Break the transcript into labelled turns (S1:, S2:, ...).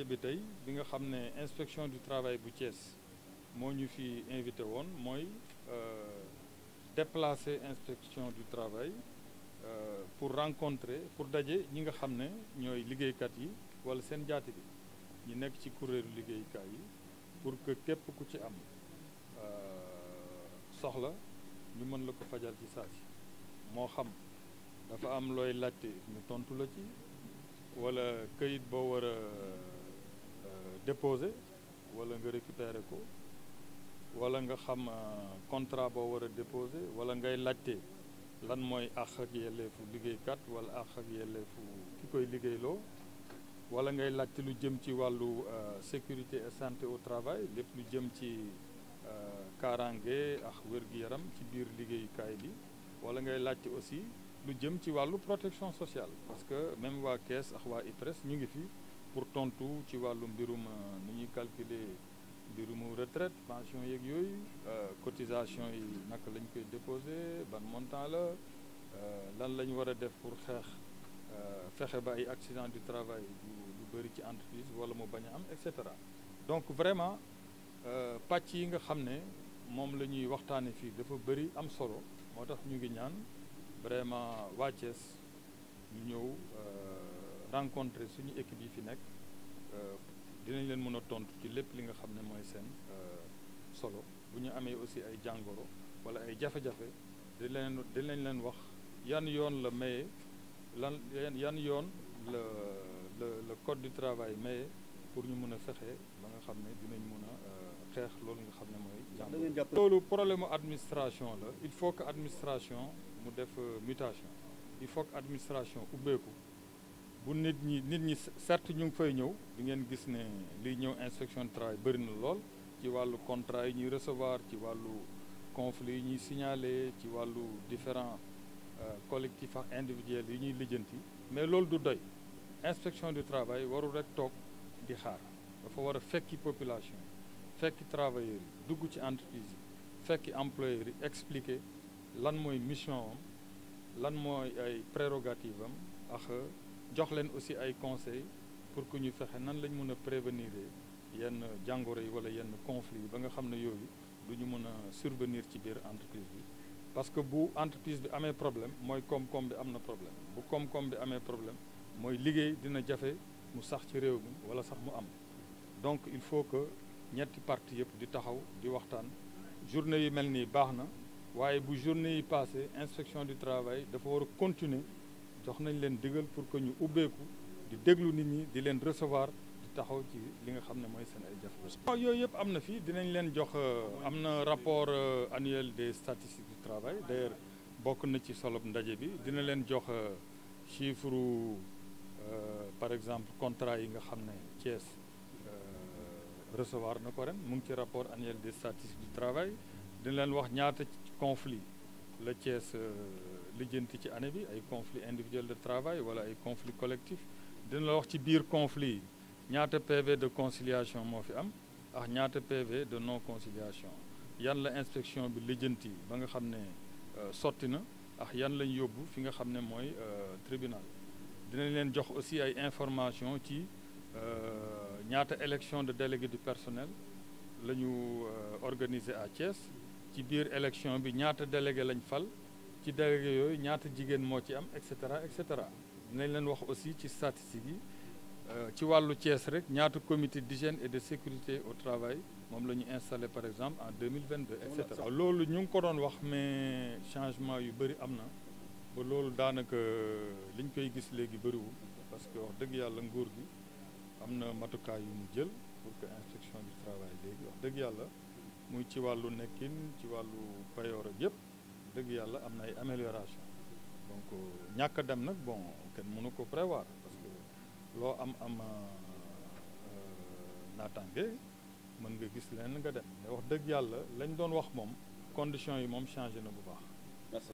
S1: ndaje bi tay bi nga xamné inspection du travail bu Thiès mo ñu fi invité moy euh déplacer inspection du travail euh, pour rencontrer pour dajé ñi nga xamné ñoy ñooy kat yi wala sen jaati bi ñi nekk ci kuréelu liggéeykaay yi pour que képp ku ci am euh, soxla ñu mën la ko fajal ci saa mo xam dafa am loy laajte ñu tontu la ci wala keuyit bo wara déposé wala nga récupérer ko wala nga xam contrat bo wara déposer wala ngay laté lan moy àq ak yelleefu kat wala àq ak yelleefu ki koy lo wala ngay laajte lu jëm ci walu sécurité et santé au travail lepp lu jëm ci karangé ak wér-gu-yaram ci biir kay bi wala ngay laajte aussi lu jëm ci walu protection sociale parce que même wa caisse ak wa IPRES ñu ngi fi pour tontu ci walum birum euh, ni ñuy calculer mbirumu retraite pension yeeg yooyu euh, cotisation yi naka lañ koy déposer ban montant la euh, lan lañ wara def pour xeex fexé ba ay accident du travail du lu ci entreprise wala mo baña am et cetera donc vraiment euh pàcc yi nga xamné mom lañuy la fi dafa bëri am solo motax ñu ngi ñaan vraiment waa Thiès euh rencontrer suñu équipe yi fi euh dinañ leen mëna a tontu ci lépp li nga xamné moy sen euh solo bu ñu amee aussi ay jangoro wala ay jafé jafé dinañ leen dinañ leen wax yan yoon la maye lan yan yoon le le le code du travail maye pour ñu mëna a ba nga xamné dinañ mëna a euh, xeex loolu nga xam ne mooy jàngoro loolu problème administration la il faut que administration mu def euh, mutation il faut que administration ubbeeku bu nit ñi nit ñi certes ñu ngi fay ñëw di ngeen gis ne liy ñëw inspection du travail bëri na lool ci wàllu contrat yi ñuy recevoir ci wàllu conflit yi ñuy signaler ci wàllu différents euh, collectifs ak individuels yi ñuy lijjanti mais loolu du doy inspection du travail waru rek toog di xaar dafa war a fekki population fekki travailleurs yi dugg ci entreprise yi fekki employeurs yi expliquer lan mooy mission am lan mooy ay prérogative am ak jox leen aussi ay conseils pour que ñu fexe nan lañ mën a prévenir yenn jàngoro yi wala yenn conflit yi ba nga xam ne yooyu du ñu mën a survenir ci biir entreprise bi parce que bu entreprise bi amee problème mooy koom-koom bi am na problème bu koom-koom bi amee problème mooy liggéey dina jafe mu sax ci réew mi wala sax mu am donc il faut que ñetti parti yëpp di taxaw di waxtaan journée yi mel nii baax na waaye bu journée yi passé inspection du travail dafa war a continuer jox nañ leen digal pour que ñu ubbeeku di déglu nit ñi di leen recevoir di taxaw ci li nga xam ne mooy seen ay jafe-jafe yooyu yëpp am na fii dinañ leen jox euh, am na rapport euh, annuel des statistiques du travail d'ailleurs bokk na ci solob ndaje bi dina leen jox euh, chiffre par exemple contrat yi nga xam ne Thiès recevoir na ko ren mu ngi ci rapport annuel des statistiques du travail dina leen wax ñaata conflit la Thiès lijjanti ci année bi ay conflit individuel de travail wala ay conflit collectif dina la wax ci biir conflit ñaata PV de conciliation moo fi am ak ñaata PV de non conciliation yan la inspection bi lijjanti ba nga xam ne euh, sotti na ak yan lañ yóbbu fi nga xam ne mooy euh, tribunal dinañ leen jox aussi ay information ci euh, ñaata élection de délégué du personnel la ñu organiser à Thiès ci biir élection bi ñaata délégué lañ fal ci délégué yooyu ñaata jigéen moo ci am et cetera et cetera dinañ leen wax aussi ci statistiques yi euh, ci wàllu Thiès rek ñaata comité d'hygiène et de sécurité au travail moom la ñu installé par exemple en 2022 et cetera loolu ñu ngi ko doon wax mais changement yu bëri am na ba loolu daanaka euh, liñ koy gis léegi bëriwul parce que wax dëgg yàlla nguur gi am na matukaay yu mu jël pour que inspection du travail léegi wax dëgg yàlla muy ci wàllu nekkin ci wàllu payoor yëpp dëgg yàlla am na ay amélioration donc euh, ñàkk dem nag bon kenn mënu ko prévoir parce que loo am am euh, euh, naataange mën nga gis leneen nga dem mais wax dëgg yàlla lañ doon wax moom condition yi moom changé na bu baax